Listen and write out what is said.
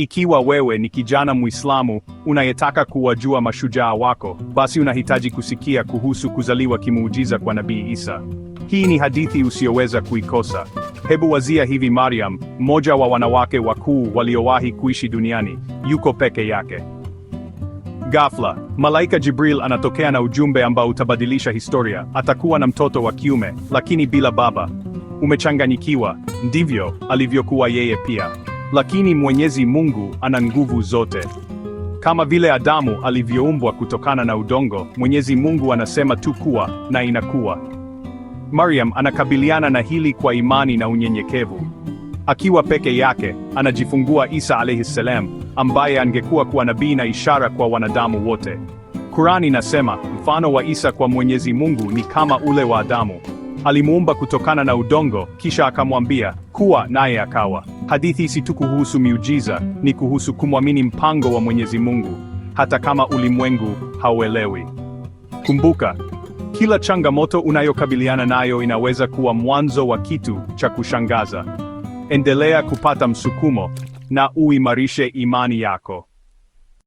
Ikiwa wewe ni kijana Muislamu unayetaka kuwajua mashujaa wako, basi unahitaji kusikia kuhusu kuzaliwa kimuujiza kwa Nabii Isa. Hii ni hadithi usiyoweza kuikosa. Hebu wazia hivi, Maryam, mmoja wa wanawake wakuu waliowahi kuishi duniani, yuko peke yake. Ghafla, malaika Jibril anatokea na ujumbe ambao utabadilisha historia. Atakuwa na mtoto wa kiume, lakini bila baba. Umechanganyikiwa? Ndivyo alivyokuwa yeye pia lakini Mwenyezi Mungu ana nguvu zote. Kama vile Adamu alivyoumbwa kutokana na udongo, Mwenyezi Mungu anasema tu kuwa na inakuwa. Mariam anakabiliana na hili kwa imani na unyenyekevu. Akiwa peke yake, anajifungua Isa alayhi salam, ambaye angekuwa kuwa nabii na ishara kwa wanadamu wote. kurani inasema mfano wa Isa kwa Mwenyezi Mungu ni kama ule wa Adamu. Alimuumba kutokana na udongo, kisha akamwambia kuwa, naye akawa. Hadithi si tu kuhusu miujiza, ni kuhusu kumwamini mpango wa Mwenyezi Mungu, hata kama ulimwengu hauelewi. Kumbuka, kila changamoto unayokabiliana nayo inaweza kuwa mwanzo wa kitu cha kushangaza. Endelea kupata msukumo na uimarishe imani yako.